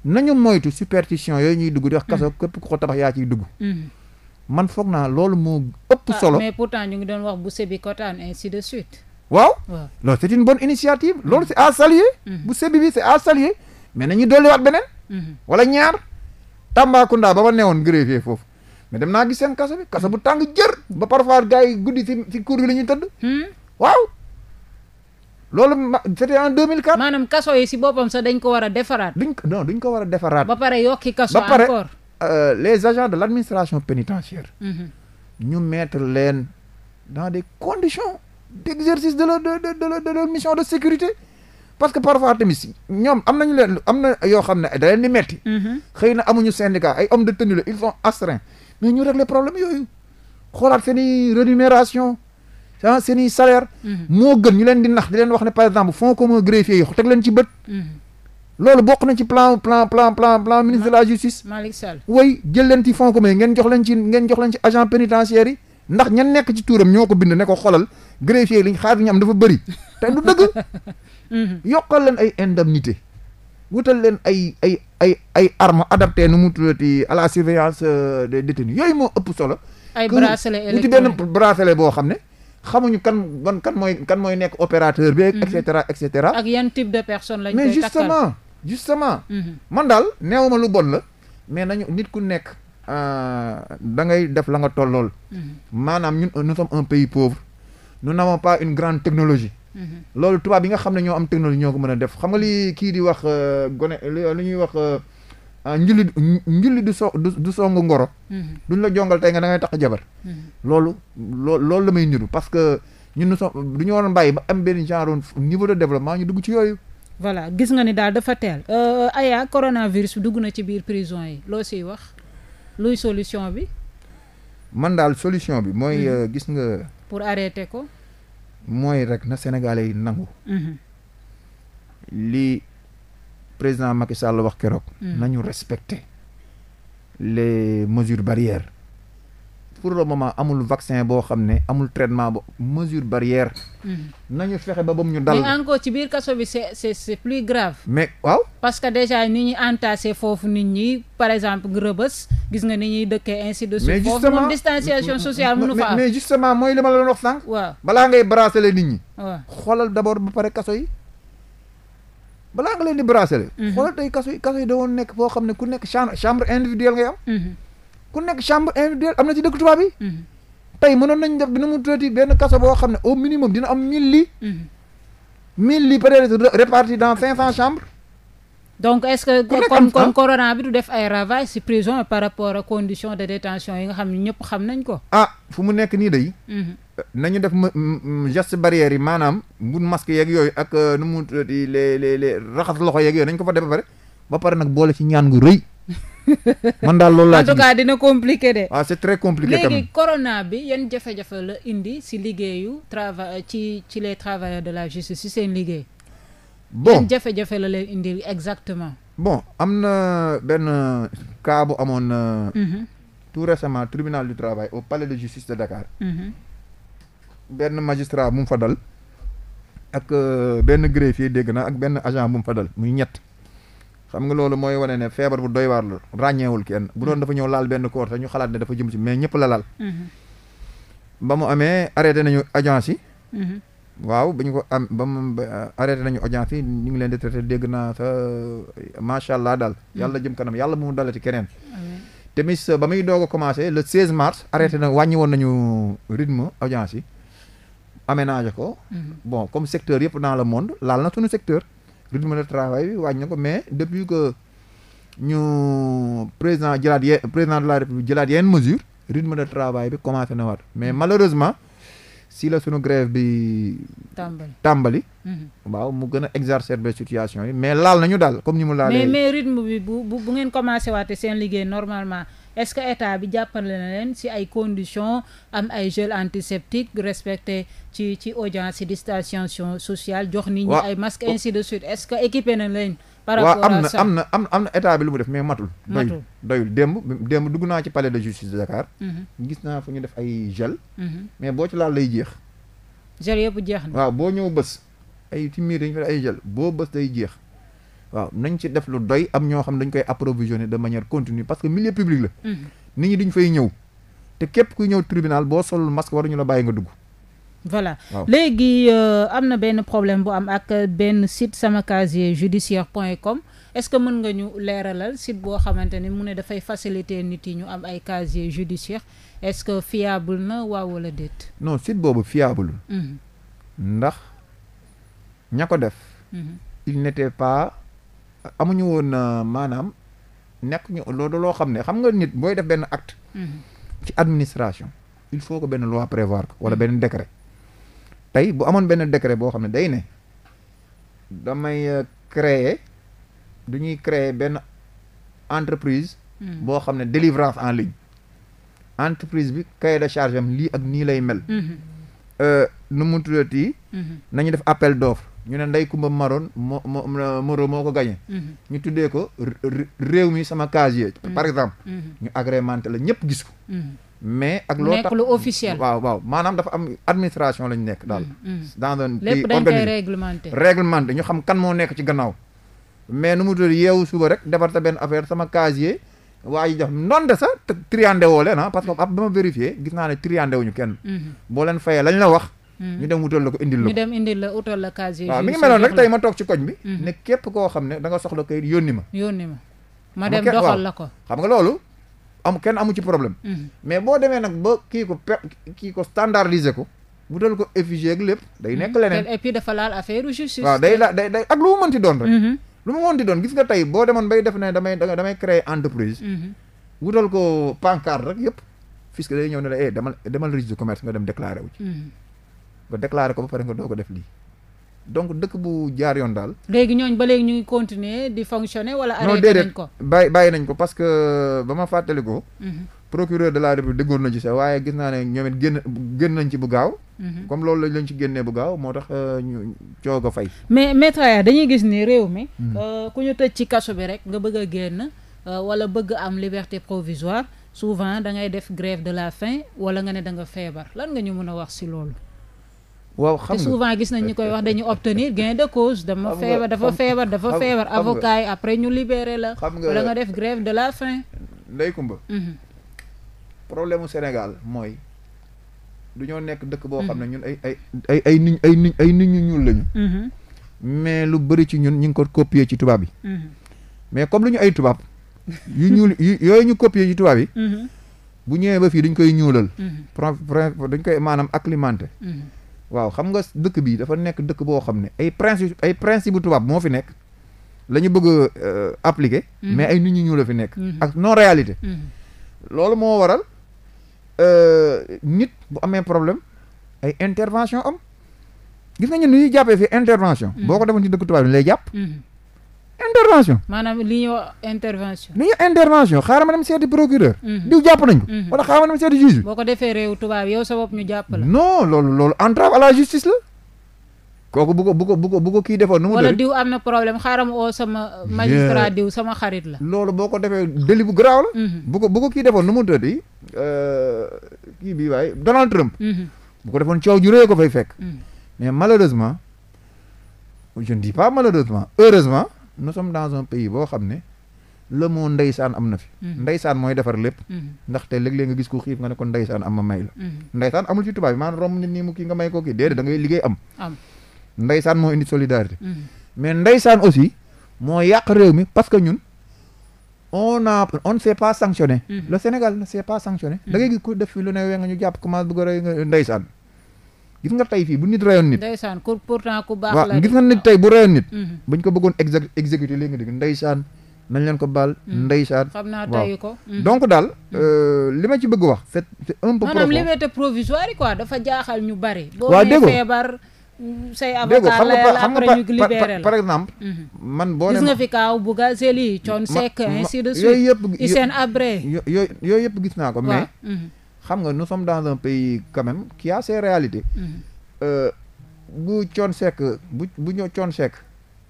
B: nañu moytu superstition yooyu ñuy dugg di wax mm-hmm. képp ko tabax yaa ciy dugg. man foog naa loolu moo ëpp ah, solo.
A: mais pourtant ñu ngi doon wax bu Sébikotane ainsi de suite.
B: waaw loolu c' est initiative loolu c' est à saluer. Mm-hmm. bu Sébi bi se est à saluer mais nañu dolliwaat beneen. Mm-hmm. wala ñaar Tambacounda ba ma newoon greffier foofu. mais dem naa gis seen kaso bi kaso bu tàng jër ba parfois gars yi guddi ci ci bi la ñuy tëdd. Hmm? waaw loolu ma c' était en 2004. maanaam yi si boppam sax dañ ko war a defaraat. duñ ko non ko war a defaraat. ba pare yokki kaso encore euh, les agents de l'administration pénitentiaire mhm. ñu mettre leen dans des conditions d'exercice de leur de de de, de, de leur mission de sécurité parce que parfois tamit ñoom am nañu leen am na yoo xam ne da leen di metti mhm. xëy na amuñu syndicat ay hommes de tenue la ils sont astreints mais ñu régler problème yooyu xoolaat seen i rémunération ah seen i salaire mhm. moo gën ñu leen di nax di leen wax ne par exemple fonds commun greffier yi teg leen ci bët loolu bokk nañ ci plan plan plan plan plan ministre de la justice. Malick Sall way jël leen ci fonds commun ngeen jox leen ci ngeen jox leen ci agent pénitentiaire ndax ñan nekk ci tuuram ñoo ko bind ne ko xolal greffier liñ xaar ñu am dafa bëri te du dëgg. Mhm. leen ay indemnité wutal leen ay ay ay ay armes adaptées nu mu tuddati à la surveillance euh, des détenus yooyu moo ëpp solo. ay bracelet électronique benn bracelet boo xam ne. xamuñu kan ban kan mooy kan mooy nekk opérateur bee mhm. et cetera et cetera. ak
A: yan type de personne lañ koy takkal mais
B: justement mhm. man daal neew ma lu bon la mais nañu nit ku nekk euh, da ngay def la nga tollool mhm. maanaam ñun nous sommes un pays pauvre nous n'avons pas une grande technologie mhm. loolu tubaab yi nga xam ne ñoo am technologie ñoo ko mën a def xam nga li kii di wax euh, gone li ñuy wax euh, ah, njulli njulli du so du song ngoro duñ la jongal tey nga da ngay tax jabar loolu loo loolu la may niru parce que ñun nous du ñu waroon bàyyi ba am benn genre niveau de développement ñu dugg ci yooyu
A: voilà gis nga ni daal dafa teel. Euh, Aya coronavirus dugg na ci biir prison yi loo siy wax luy solution bi.
B: man daal solution bi mooy mm. euh, gis nga.
A: pour arrêter ko.
B: mooy rek na Sénégalais yi nangu. Mm-hmm. li président Macky Sall wax keroog. Mm. nañu respecter le mesures barrières. pour le moment amul vaccin boo xam ne amul traitement bo mesure barrière. Mm-hmm. nañu fexe ba ba mu ñu dal. mais encore
A: ci biir kaso bi c'est c'est c'est plus grave. mais waaw. parce que déjà ni foofu nit ñi par exemple Rebeuss gis nga ni ñuy dëkkee ainsi de suite. mais justement foofu distanciation sociale mënu
B: mooy li ma la doon wax sànq. waaw balaa ngay bracelet nit ñi. waaw xoolal d'abord ba pare kaso yi. balaa nga leen di bracelet. Mm-hmm. xoolal tey kaso yi kaso nekk foo xam ne ku nekk chambre chambre individuelle ngay ku nekk chambre individuelle am na ci dëkk tubaab yi. Mhm. tey mënoon nañ def dina mu benn kaso boo xam ne au minimum dina am mil lits. Mhm. mille lits peut-être répartis dans cinq cent chambres.
A: donc est-ce comme corona bi du def ay ravage ci prison par rapport a conditions de détention yi nga xam ne ñëpp xam nañ ko.
B: ah fu mu nekk nii day. Mhm. nañu def geste barrière yi maanaam mbun masque yeeg yooyu ak euh, nu mu tuuti les les les raxas loxo yeeg yooyu nañ ko fa def ba pare ba pare nag boole ci ñaan gu rëy. man daal loolu laa en
A: dina compliqué de. waaw ah, c'est bi yan jafe la indi si liggéeyu travail ci ci les travailleurs de la justice si seen liggéey. bon jafe-jafe la leen exactement.
B: bon am na benn euh, amoon. Euh, mm -hmm. tout récemment tribunal du travail au palais de justice de mhm. benn magistrat bu mu fa dal. ak euh, benn greffier dégg na ak benn agent bu mu fa dal muy ñett. xam nga loolu mooy wane ne feebar bu doy waar la ràññeewul kenn bu doon dafa ñëw laal benn koor te ñu xalaat ne dafa jëm mais ñëpp la laal mhm. ba mu amee arrêté nañu agence yi mhm. waaw ba ñu ko am ba mu arrêté nañu audience yi ñu ngi leen di dégg naa sa macha allah daal mhm. yàlla jëm kanam yàlla bu mu dalati keneen te tamit ba muy doog a commencé le 16 mars arrêté na wàññi woon nañu rythme audience yi aménagé ko bon comme secteur yëpp dans la monde laal na suñu secteur rythme de travail bi wàññi na ko mais depuis que ñu président jëlaat ye président de la république jëlaat yenn mesure rythme de travail bi commencé na waat mais mm-hmm. malheureusement si la sunu grève bi. tàmbali tàmbali. Mm-hmm. waaw mu gën a exacerber situation yi mais laal nañu daal comme ni mu laalee. mais
A: mais rythme bi bu bu ngeen commencé waate seen liggéey normalement. est-ce que état bi jàppale na leen si ay condition am ay gel antiseptique respecte ci ci audience yi distanciation sociale jox nit ñi ay masques ainsi de suite est-ce que équipé na leen par rapport à ça am
B: na am na am na état bi lu mu def mais matul doyul doyul demb démb dugg naa ci palais de justice de Dakar mhm. gis naa fu ñu def ay gel mhm. mais boo ci laal lay jeex gel yëpp jeex na waaw boo ñëw bës ay ci miir dañu fa ay gel boo bës day jeex waaw nañ ci def lu doy am ñoo xam dañ koy approvisionner de manière continue parce que milieu public la. Mm-hmm. nit ñi duñ fay ñëw. te képp ku ñëw tribunal boo solul masque waruñu la bàyyi nga dugg.
A: voilà léegi euh, am na benn problème bu am ak benn site sama casier judiciaire point com est-ce que mën nga ñu leeralal site boo xamante ni mu ne dafay faciliter nit yi ñu am ay casier judiciaire est-ce que fiable na waaw wala déet.
B: non site boobu fiable. Mm-hmm. ndax ña ko def. Mm-hmm. amuñu woon euh, maanaam nekk ñu loolu loo xam ne xam nga nit booy def benn acte. Mhm. ci administration il faut que benn loi prévoir ko wala mhm. benn décret tey bu amoon benn décret boo xam ne day ne damay euh, créer du ñuy créer benn entreprise. Mhm. boo xam ne délivrance en ligne. entreprise bi cahier de charge lii ak nii lay mel. Euh, nu mu tuddati. nañu def appel d'offre ñu ne Ndeye Kumba Maroon moo moo moo ko gagné. Mm-hmm. ñu tuddee ko réew mi sama casier. Mm-hmm. par exemple. Mm-hmm. ñu agrémenté la ñëpp gis mais ak loo tax nekk lu officiel. waaw waaw maanaam dafa am administration la ñu nekk daal. dans un pays organisé lépp ñu xam kan moo nekk ci gannaaw. mais nu mu tudd yeewu suba rek defar sa benn affaire sama casier. waa ji def ndonte sax triandé woo leen ah parce que ab ba ma vérifié gis naa ne wu ñu kenn. boo leen fayee lañu la wax. Hmm. ñu dem wutal la ko indil la ko ñu
A: dem indil la utal la casier waaw mi ngi
B: hmm. koo xam ne da nga soxla kayit yónni ma yónni ma
A: ma dem doxal la
B: ko xam nga loolu am kenn amu ci problème hmm. mais boo demee nag ba kii ko pe kii ko standardisé ko wutal ko effigie ak lépp day nekk leneen
A: et puis dafa laal day la
B: day day ak lu mu mënti doon rek lu mu gis nga tey boo demoon bay def na damay damay créer entreprise wutal ko pancarte rek yëpp fisc day ñëw ne la eh, demal demal registre de commerce nga dem déclaré wu ci nga déclaré ko ba pare nga doo ko def lii donc dëkk bu jaar yoon daal.
A: léegi ñooñ ba léegi ñu ngi continuer di fonctionner wala. arrêté nañ ko
B: non bàyyi bàyyi nañ ko parce que ba ma fàttali ko. Mhm. procureur de la république déggoon na ci sax waaye gis naa ne ñoom it génn génn nañ ci bu gaaw. Mhm. comme loolu lañ ci génnee bu gaaw moo tax euh, ñu coog a fay.
A: mais maître dañuy gis ni réew mi. Mhm. Euh, ku ñu tëj ci kaso bi rek nga bëgg a génn euh, wala bëgg am liberté provisoire souvent da ngay def grève de la faim wala nga ne da nga feebar lan nga ñu mën a wax si loolu.
B: waaw xam nga
A: gis nañ ñu koy wax dañu obtenir gain de cause. dama feebar dafa feebar dafa feebar avocat yi après ñu libéré la. xam nga wala nga def grève de la
B: faim. Ndeye Comba. Mhm. problème mu Sénégal mooy du ñoo nekk dëkk boo xam ne mhm. ñun ay ay ay ay ay nit ñu ñuul lañu. Mhm. mais lu bari ci ñun ñu ko copier ci tubaab yi. mais comme lu ñu ay tubaab. yu ñuul yu yooyu ñu copier ci tubaab yi. bu ñëwee ba fii dañ koy ñuulal. dañ koy maanaam acclimaté. waaw xam nga dëkk bii dafa nekk dëkk boo xam ne ay principe ay principe bu tubaab moo fi nekk la ñu bëgg a euh, appliquer. Mhm. mais ay nit ñu ñuul la fi nekk. Mhm. ak non réalité. Mhm. loolu moo waral euh, nit bu amee problème ay intervention am gis nga ñun ñuy jàppee fi intervention. boo ko defoon ci dëkk tubaab yi lay jàpp. intervention.
A: maanaam li ñuy intervention.
B: li ñuy intervention xaaral ma dem seeti procureur. Mhm. diw jàpp nañ ko. Mhm. wala xaaral ma dem seeti juge
A: boo ko defee réew tubaab yow sa bopp ñu jàpp
B: la. non loolu loolu entrave à la justice la. bu ko bu ko bu kii defoon nu mu. wala diw
A: am na problème xaaral ma oo sama. magistrat diw sama xarit la.
B: loolu boo ko defee délit bu garaaw la. Mhm. bu ko bu ko kii defoon nu mu tëddi euh, kii bii waaye Donald Trump. bu ko defoon coow ju rëy ko fekk. mais malheureusement je ne dis pas malheureusement heureusement. nous sommes dans un pays boo xam ne le mot ndeysaan am na fi. Mm-hmm. ndeysaan mooy defar lépp. Mm-hmm. ndaxte léeg-léeg nga gis ko xiif nga ne ko ndeysaan am ma may la. Mm-hmm. ndeysaan amul ci tubaab bi maanaam romb nit nii mu kii nga may ko kii déedéet da ngay liggéey am. ndeysaan moo indi solidarité. mais ndeysaan aussi moo yàq réew mi parce que ñun on a on ne s'est pas sanctionné. le Sénégal ne pas sanctionné. da ngay gis ku def fi lu ne we nga ñu jàpp commence bëgg a ndeysaan. gis nga tey fii bu nit rayoon nit.
A: ndeysaan pourtant ku baax la waaw gis nga
B: nit tey bu rayoon nit. Mm-hmm. bañ ko bëggoon exé exécuté léegi nga dégg ndeysaan nañ leen ko baal. Mm-hmm. ndeysaan xam mm-hmm. donc daal euh, li ma ci bëgg wa c'est c'est un peu
A: profond dafa jaaxal ñu bari. waaw déggoo boo nee feebar mm, say avocat la yàlla après ñu exemple.
B: man boo nee gis nga
A: fi kaaw Bouga Zélie Thione Seck ainsi de suite.
B: yooyu yëpp gis naa ko mais. xam nga nous sommes dans un pays quand même qui a ses réalités. Mm-hmm. Euh, bu coon sekk bu bu ñëw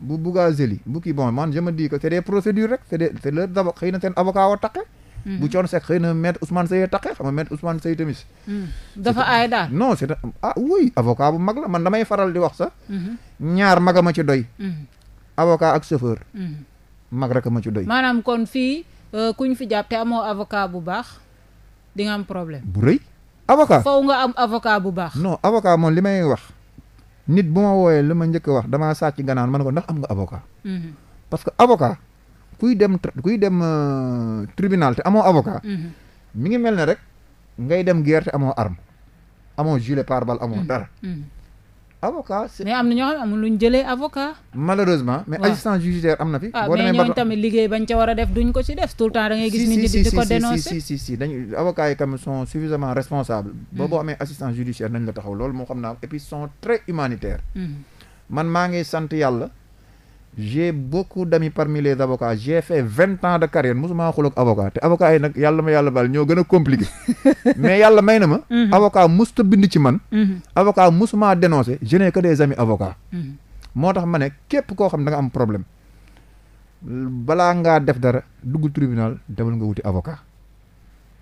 B: bu Bougazelli bu kii bon man je me dis que c' est des procédures rek c' est des c' seen avocat wa mm-hmm. bu coon sekk xëy na maître Ousmane Seye taqe xam nga maître Ousmane mm-hmm.
C: dafa aay daal
B: non c' est ah oui bu mag la man damay faral di wax sax. ñaar magama ci doy. avocat ak chauffeur. mag rek ma ci doy.
A: maanaam kon fii euh, ku fi jàpp te amoo avocat bu baax. di nga am problème
B: bu rëy avocat faw
A: nga am avocat bu baax
B: no avocat moom li may wax nit bu ma wooyee li ma njëkk wax damaa sàcc nga naan ma ne ko ndax am nga avocat mm -hmm. parce que avocat kuy dem kuy dem euh, tribunal te amoo avocat mm ngi mel ne rek ngay dem guerre te amoo arme amoo gilet pare-balles amoo mhm. dara
A: mhm. avocat mais am na ñoo xam ne amul lu ñu avocat.
B: malheureusement mais assistance judiciaire am na fi. Ah, boo demee tamit
A: liggéey bañ ca war a def ko ci def tout le temps da ngay di ko si si
B: si si dañu yi tamit sont suffisamment responsables. ba hmm. amee assistance judiciaire nañ la taxaw loolu moo xam naa et puis sont très humanitaires. Hmm. man maa sant yàlla. j'ai beaucoup d'amis parmi les avocats j'ai fait vingt ans de carrière mosuma xuloog avocat te avocat yi nag yàlla ma yàlla baal ñoo gën a compliqué mais yàlla may na ma mhm. avocat musta bind ci man mhm. avocat mosuma dénoncé je n'ai que des amis avocats mhm. moo tax ma ne képp koo xam da nga am problème balaa ngaa def dara dugg tribunal demal nga wuti avocat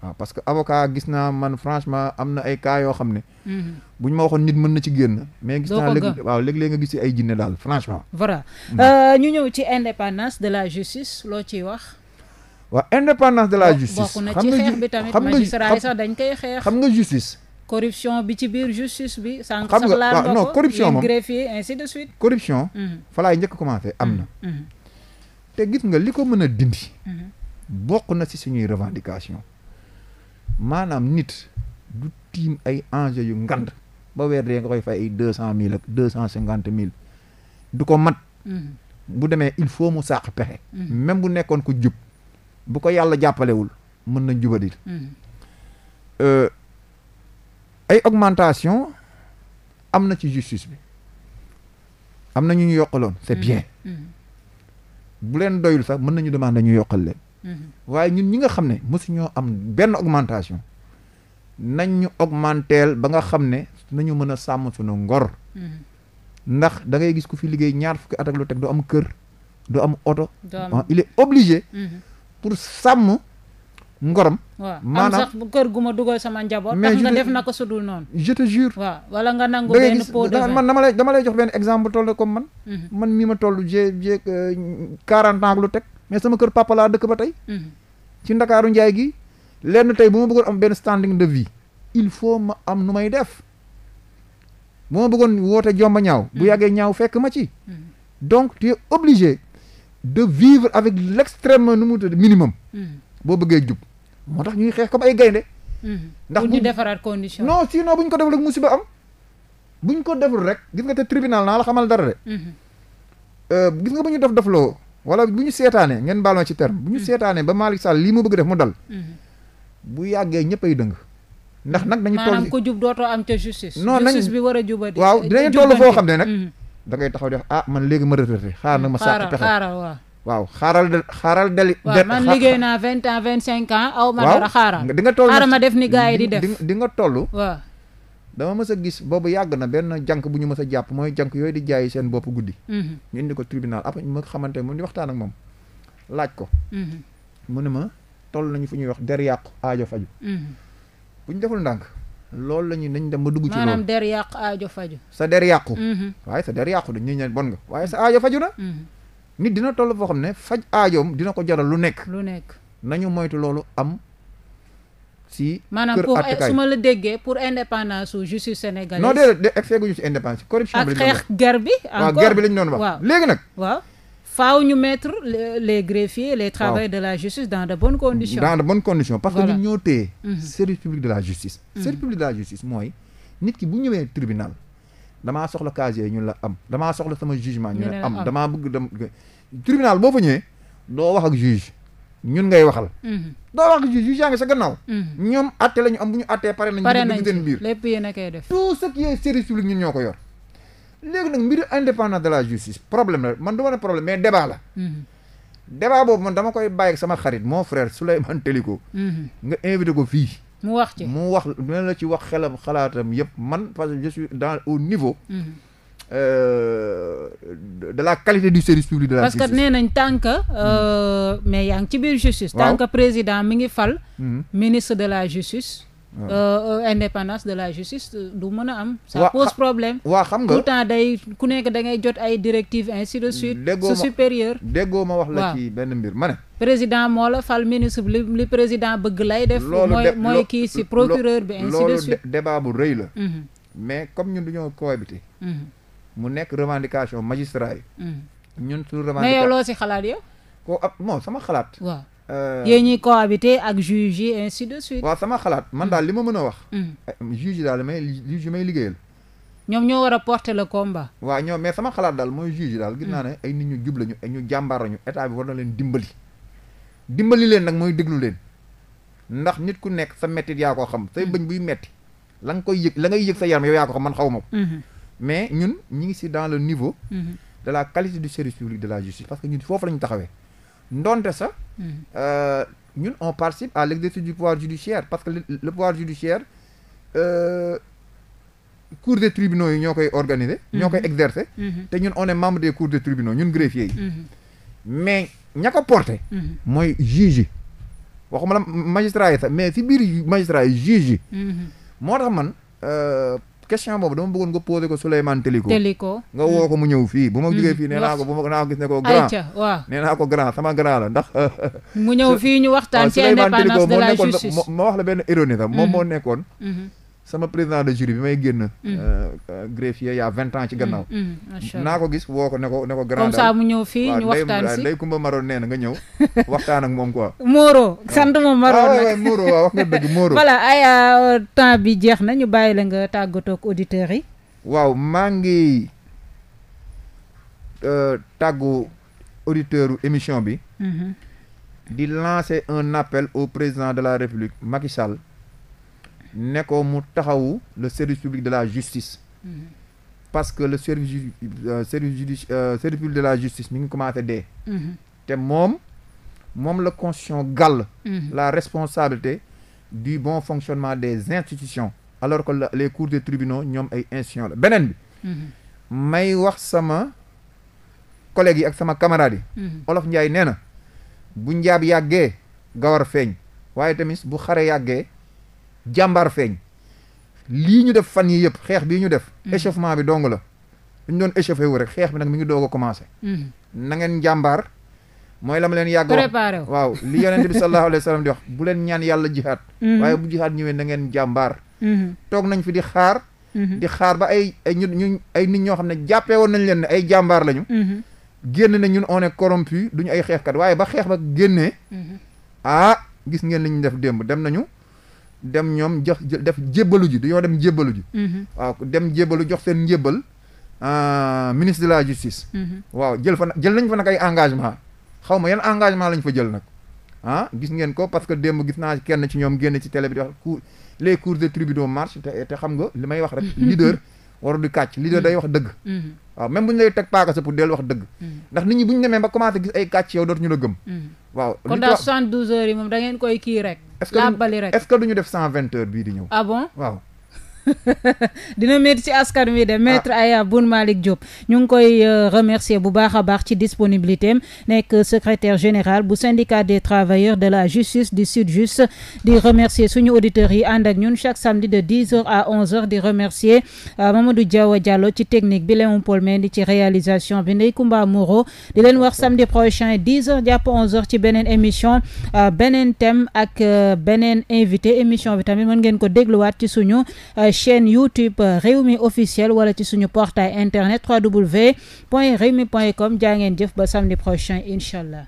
B: waaw parce que avocat gis naa man franchement am na ay cas yoo xam ne. Mhm. bu ñu ma waxoon nit mën na ci génn. mais gis naa léegi waaw léeg-léeg nga gis ci ay jinne daal franchement. voilà mm. euh,
A: ñu ñëw ci indépendance de la justice loo ciy wax.
B: waaw indépendance de la justice. bokk na ci xeex bi tamit magistrat yi sax dañ koy xeex. xam nga justice.
A: corruption bi ci biir justice bi. sànq sax laal nga ko non corruption moom greffier ainsi de suite.
B: corruption. Mhm. fa njëkk commencé am mhm. na. te gis nga li ko mën a dindi. bokk na ci suñuy revendication maanaam nit du tiim ay enjeux yu ngand ba weer dee nga koy fay ay deux cent mille ak deux cinquante mille du ko mat mm-hmm. bu demee il faut mu sàq pexe mm-hmm. même bu nekkoon ku jub bu ko yàlla jàppalewul mën na jubadi mm-hmm. euh, ay augmentation am na ci justice bi am na ñu ñu yokkaloon c'est bien bu leen doyul sax mën nañu demander ñu yokkal leen Mm-hmm. waaye ñun ñi nga xam ne mosuñoo am benn augmentation nañ ñu augmenteel ba nga xam ne nañu mën a sàmm suñu ngor mm-hmm. ndax da gis ko fi liggéey ñaar fukki at ak lu teg du am kër du am oto ah, il est obligé mm-hmm. pour sàmm ngorom waaw maanaam sax
A: kër gu ma dugal sama njaboot tax nga def na ko sudul noonu
B: je te jure waaw
A: nga nangu benn pot
B: man exemple toll comme man man mii ma toll j'ai j'ai euh, quarante ans ak lu teg mais sama kër papalaa laa dëkk ba tey. Mhm. ci ndakaaru njaay gi lenn tey bu ma bëggoon am benn standing de vie il faut ma am nu may def bu ma bëggoon woote jomba ñaaw. bu mhm. yàggee ñaaw fekk ma ci. Mhm. donc tu es obligé de vivre avec l'extrême nu mu tudd minimum. boo bëggee jub moo tax ñuy xeex comme ay gaynde
A: ndax bu ñu defaraat condition. non sinon
B: bu ñu ko deful rek musiba am bu ñu ko deful rek gis nga te tribunal naa la xamal dara de. Euh, gis nga bu ñu def defloo wala bu ñu seetaanee ngeen baal ma ci terme bu ñu mm-hmm. seetaanee ba Malick Sall lii mu bëgg def mu dal. Mm-hmm. bu yàggee ñëpp ay dëng. ndax nag dañu toll maanaam
A: ku jub dootoo am ca justice. justice bi war a jubati waaw
B: dinañu toll foo xam ne nag. Mm-hmm. dangay ngay taxaw di ah man léegi ma retraité xaar nag ma sàkk pexe waaw. waaw xaaral de xaaral deli. man liggéey
A: naa vingt ans vingt cinq ans. aw ma dara xaaral. di nga toll xaaral ma def ni gars yi di def
B: di nga toll. dama mës a gis boobu yàgg na benn jànk bu ñu mës a jàpp mooy jànk yooyu di jaay seen bopp guddi. Mhm. ñu indi ko tribunal après ma xamante ne moom di waxtaan ak moom laaj ko. Mhm. mu ne ma toll nañu fu ñuy wax der yàqu aajo faju mhm. bu ñu deful ndànk loolu la ñuy nañ dem ba dugg ci loolu maanaam
A: der yàqu aajo faju
B: sa der yàqu. waaye sa der yàqu dañ ne bon nga waaye sa aajo faju na. nit dina toll foo xam ne faj aajoom dina ko jaral lu nekk. lu nekk nañu moytu loolu am. si. maanaam pour eh, su ma
A: la déggee pour indépendance su justice sénégalaise. non déedéet
B: excès gu ñu si indépendance corruption bi. ak xeex
A: guerre bi. encore waaw guerre bi la ñu doon nag faaw ñu mettre les greffiers les travailleurs de la justice dans de bonnes conditions dans de
B: bonnes conditions parce que ñun ñoo téye mhm. service public de la justice mhm. service public de la justice mooy nit ki bu ñëwee tribunal damaa soxla casier ñu la am damaa soxla sama jugement ñu ne am damaa bëgg dem tribunal ñun ngay waxal. Mhm. doo wax juge juge yaa ngi sa gannaaw. Mhm. ñoom àtte la ñu am bu ñu àttee pare nañ. pare nañ seen biir lépp yéen a koy def. tout ce qui est service public ñun ñoo ko yor léegi nag mbiru indépendance de la justice problème la man du ma ne problème mais débat la. Mhm. débat boobu man dama koy bàyyi sama xarit mon frère Souleymane Teliko. nga invité ko fii. mu wax ci mu wax dina ci wax xelam xalaatam yëpp man parce que dans au niveau. Euh, de la qualité du service public de la parce que nee
A: nañ tant que euh, hmm. mais yaa ngi ci biir justice. tant que président mi ngi fal. Hmm. ministre de la justice. Euh, indépendance de la justice du mën a am. ça pose problème. waaw xam nga pourtant day ku nekk da ngay jot ay directives ainsi de suite. déggoo supérieur
B: déggoo ma wax la ci benn mbir ma ne.
A: président moo la fal ministre li li président bëgg lay def. mooy kii si procureur bi. ainsi de suite
B: bu rëy la. Mhm. mais comme ñun du ñoo cohabité. Mhm. mu nekk revendication magistrat yi. Mm. ñun suñu revendication mais yow loo si xalaat yow. ko ah, sama xalaat. waaw euh, yéen ñuy te ak juge yi si de suite. waaw sama xalaat man daal mm. li ma mën a wax. Mm. Eh, juge daal may juge may liggéeyal.
A: ñoom ñoo war a porter le combat.
B: waa ñoom mais sama xalaat daal mooy juge daal. gis naa ne ay nit ñu jub lañu ñu jàmbaar lañu état bi war na leen dimbali. dimbali leen nag mooy déglu leen ndax nit ku nekk sa mettit yaa ko xam. say bëñ buy metti la nga koy la ngay yëg sa yaram man xaw ma mais ñun ñi ngi si dans le niveau. Mhm. de la qualité du service public de la justice parce que ñun foofu la ñu taxawee. ndonte sax. Mhm. Euh, ñun on participe à l'exercice du pouvoir judiciaire parce que le, le pouvoir judiciaire euh, cours des tribunaux yi ñoo koy organiser. Mhm. ñoo koy exercer. te ñun on est membre des cours des tribunaux ñun greffier yi. mais ña ko porté. mooy juge yi waxuma la magistrat yi sax mais si biir magistrat yi juge yi. moo tax man. Euh, question boobu dama bëggoon nga posé ko Souleymane Teliko. Teliko nga woo ko mu ñëw fii bu ma mm. jógee fii nee naa ko bu ma naa ko gis ne ko grand waaw grand la ndax mu ñëw fii ñu waxtaan ci indépendance de la justice wax la benn ironie sax moom mm. moo nekkoon mm-hmm. sama président de jury bi may génn. Mm. Euh, euh, greffier y' vingt ans ci gannaaw. Mm, mm, naa ko gis woo ko ne ko ne ko. comme ça mu ñëw fii ñu waxtaan si day Kumba Maroon nee nga ñëw waxtaan ak moom quoi. Moro sant ma ah, Maroon nag Moro waaw wax
A: nga euh, temps bi jeex na ñu bàyyi la nga tàggatoo ak auditeurs yi.
B: waaw maa ngi tàggu auditeurs émission bi. Mm-hmm. di lancer un appel au président de la République Macky Sall. ne mu taxaw le service public de la justice. Mm-hmm. parce que le service ju euh, service judici euh, public de la justice mi ngi commencé dee. Mm-hmm. te moom moom la constitution gàll. Mm-hmm. la responsabilité du bon fonctionnement des institutions. alors que les cours des tribunaux ñoom ay institutions la beneen bi. may wax sama collègues yi ak sama camarades yi. olof Ndiaye nee na bu njaab yàggee gawar feeñ waaye tamit bu xare yàggee. jàmbaar feeñ lii ñu def fan yi yëpp xeex bii ñu def mm. échauffement bi dong la ñu doon échauffé wu rek xeex bi nag mu ngi doog a commencé mm. na ngeen jàmbaar mooy lama leen yàgg wax waaw li yonent bi sallallahu alayhi wa sallam bu leen ñaan yàlla jihaad mm-hmm. waaye bu jihaad ñëwee na ngeen jàmbaar mm-hmm. toog nañ fi di xaar mm-hmm. di xaar ba ay ay ñu ay nit ñoo xam ne jàppee woon nañ leen ne ay jàmbaar lañu génn na ñun on est corrompu duñu ay xeexkat waaye ba xeex ba génnee ah gis ngeen lañu ñu def démb dem nañu dem ñoom jox def jébbalu ji dañoo dem jébbalu ji. Mhm. waaw dem jébbalu jox seen njébbal euh, ministre de la justice. Mhm. waaw jël fa jël nañ fa nag ay engagement xaw ma yan engagement lañ fa jël nag ah gis ngeen ko parce que démb gis naa kenn ci ñoom génn ci télé bi de tribunaux marche te xam nga li may wax rek. Mhm. leader waru di kàcc leader day wax dëgg. waaw même bu ñu lay teg paaka sa pour dellu wax dëgg. ndax nit ñi bu ñu demee ba gis ay kàcc yow dootuñu la gëm.
A: da ngeen koy kii est-ce que est-ce
B: que du ñu def cent vingt heures bii di ñëw. Ah bon
A: dina métti ci askan wi de maître ah. Aya Boun Malick Diop ñu ngi koy euh, remercier bu baax a baax ci disponibilité am nekk secrétaire général bu syndicat des travailleurs de la justice du SYTJUST di remercier suñu auditeurs yi ànd ak ñun chaque samedi de 10 heures à 11 heures di remercier euh, Mamadou Diawa Diallo ci technique bi Léon Paul di ci réalisation bi Ndeye Comba moro di leen wax samedi prochain 10 heures jàpp 11 heures ci beneen émission euh, beneen thème ak beneen invité émission bi tamit mën ngeen ko dégluwaat ci suñu chaîne YouTube euh, Rewmi officiel wala ci suñu portail internet www.rewmi.com jaa ngeen jëf ba samedi prochain incha allah.